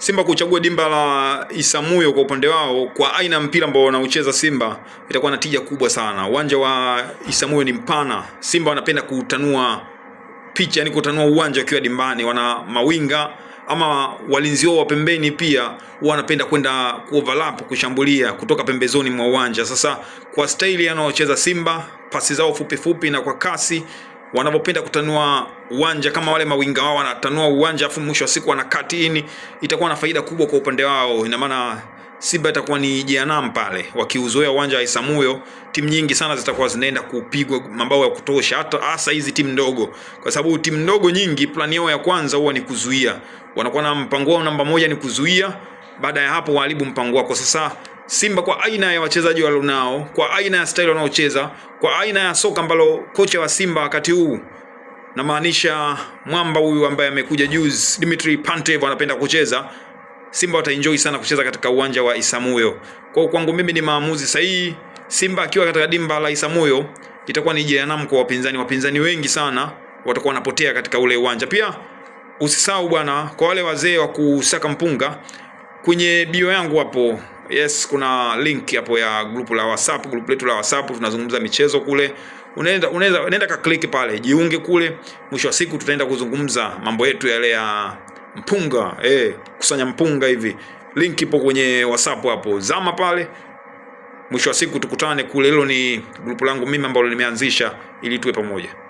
Simba kuchagua dimba la Isamuyo kwa upande wao, kwa aina ya mpira ambao wanaucheza Simba itakuwa na tija kubwa sana. Uwanja wa Isamuyo ni mpana, Simba wanapenda kutanua picha, yani kutanua uwanja wakiwa dimbani. Wana mawinga ama walinzi wao wa pembeni pia wanapenda kwenda kuoverlap kushambulia kutoka pembezoni mwa uwanja. Sasa kwa staili anaocheza Simba, pasi zao fupi fupi na kwa kasi wanapopenda kutanua uwanja kama wale mawinga wao wanatanua uwanja afu mwisho wa siku wanakati ini, itakuwa na faida kubwa kwa upande wao. Ina maana Simba itakuwa ni jianam pale, wakiuzoea uwanja wa Isamuyo, timu nyingi sana zitakuwa zinaenda kupigwa mabao ya kutosha, hata hasa hizi timu ndogo, kwa sababu timu ndogo nyingi plani yao ya kwanza huwa ni kuzuia. Wanakuwa na mpango wao namba moja ni kuzuia, baada ya hapo waharibu mpango wako. Sasa Simba kwa aina ya wachezaji walionao, kwa aina ya style wanaocheza, kwa aina ya soka ambalo kocha wa Simba wakati huu namaanisha mwamba huyu ambaye amekuja juzi Dimitri Pantev anapenda kucheza, Simba wataenjoy sana kucheza katika uwanja wa Isamuyo. Kwa kwangu mimi ni maamuzi sahihi. Simba akiwa katika dimba la Isamuyo itakuwa ni jehanamu kwa wapinzani. Wapinzani wengi sana watakuwa wanapotea katika ule uwanja. Pia usisahau bwana, kwa wale wazee wa kusaka mpunga kwenye bio yangu hapo Yes, kuna link hapo ya grupu la WhatsApp, grupu letu la WhatsApp tunazungumza michezo kule. Unaenda unaenda unaenda ka click pale, jiunge kule. Mwisho wa siku tutaenda kuzungumza mambo yetu yale ya mpunga, eh, kusanya mpunga hivi. Link ipo kwenye WhatsApp hapo. Zama pale. Mwisho wa siku tukutane kule. Hilo ni grupu langu mimi ambalo nimeanzisha ili tuwe pamoja.